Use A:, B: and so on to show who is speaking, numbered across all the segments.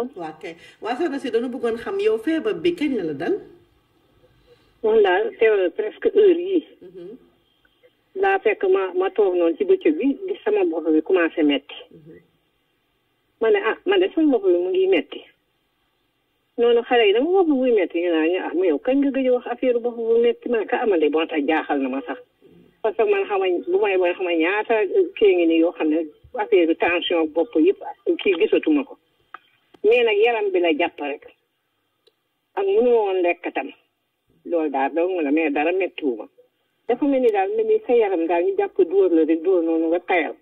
A: waaw waaw ừ nó waaw soxna si dañu bëggoon xam yow feebar bi kañ la la dal man daal teew la presque heure yii laa fekk ma ma toog noonu ci bëccëg bi di sama bopp bi commencé metti ma ne ah man de sama bopp bi mu ngi metti noonu xale yi dama bopp buy metti ñu naa ñu ah ma yow kañ nga gëj wax affaire bopp bu metti ma ne ka amande bon tax jaaxal na ma sax parce que man xama bu may booy xama ñaata kii ngi nii yoo xam ne affaire tension bopp yëpp kii gisatuma ko mais nag yaram bi la jàpp rek ak mënu woon lekk loolu daal dong la mais dara méttiwuma dafa mel ni daal mel ni sa yaram daal ñu jàpp dóor la rek dóor noonu nga tayal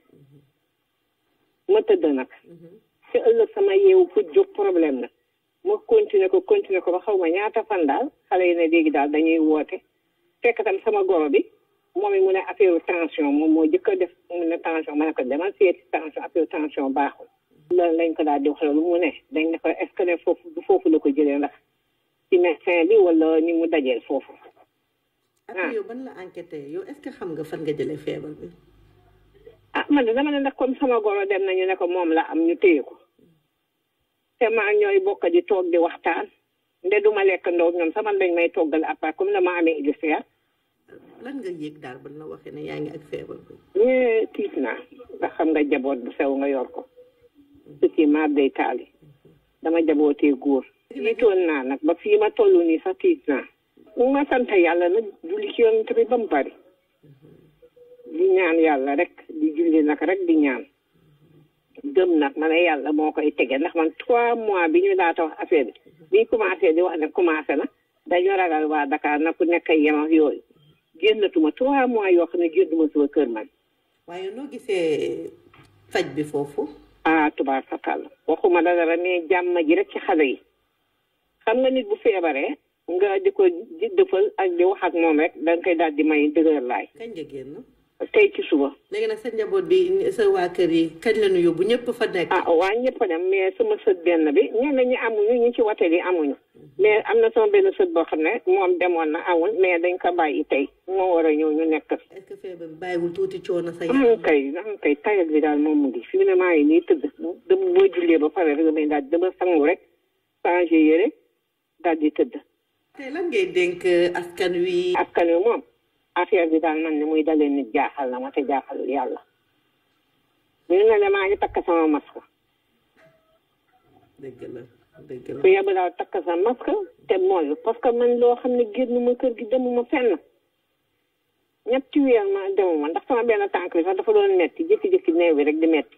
A: ma tëdd nag si ëllëg sama yeewu fu jóg problème na ma continuer ko continuer ko ba xaw ma ñaata fan daal xale yi ne léegi daal dañuy woote fekk sama goro bi moom it mu ne affaire tension moom moo jëkk def mu ne tension ma ne ko demal seeti tension affaire tension baaxul loolu lañ ko daal di wax loolu mu ne dañ ne ko est ce que ne foofu du foofu la ko jëlee ndax ci médecin bi wala ñu mu dajeel foofu. ah yow ban la enquête yow est ce que xam nga fan nga jëlee feebar bi. ah man de dama ne nag comme sama goro dem nañu ne ko moom la am ñu téye ko te maa ñooy bokk di toog di waxtaan nde du ma lekk ndox ñoom sama dañ may toggal à part comme dama amee illusière. lan nga yéeg daal ban la waxee ne yaa ngi ak feebar bi. tiit naa ndax xam nga jaboot bu sew nga yor ko. dëkkee maa bay taali dama jabootee góor tiitoon naa nag ba fii ma toll nii sax tiit naa mu ma sant yàlla nag julli ci yoon tamit ba mu bari di ñaan yàlla rek di julli nag rek di ñaan gëm nag ma ne yàlla moo koy tege ndax man trois mois bi ñu laata wax affaire bi bi commencé di wax ne commencé na dañoo ragal waa Dakar nag ku nekk yem ak yooyu génnatuma trois mois yoo xam ne génnuma sama kër man waaye loo gisee faj bi foofu tubaar fakal waxuma la dara mais jàmm ji rek ci xale yi xam nga nit bu feebaree nga di ko di dëfal ak di wax ak moom rek da koy daal di may dëgër laay. kañ nga génn. tey ci suba. léegi nag sa njaboot bi sa waa kër yi kañ la ñu yóbbu ñëpp fa nekk. ah waa ñëpp a dem mais sama sët benn bi ñenn ñi amuñu ñi ci wate li amuñu. mais am na sama benn sët boo xam ne moom demoon na amul mais dañ ko bàyyi tey moo war a ñëw ñu nekk. est-ce que feebar bi sa yaram. am kay am kay tayal bi daal moom mu ngi fi mu ne maa nii tëdd. dama boo jullee ba pare rek damay daal dama sangu rek changé yére daal di tëdd. tey lan ngay dénk euh, askan wi. moom affaire bi daal man ne muy dalee nit jaaxal na ma te jaaxalul yàlla. bu ñu ne maa ngi takk sama masque. dëgg ku yebbu daal takk sa masque te mooy parce que man loo xam ne ma kër gi demuma fenn ñetti weer ma demuma ndax sama benn tànk bi sax dafa doon metti jékki-jékki neew bi rek di metti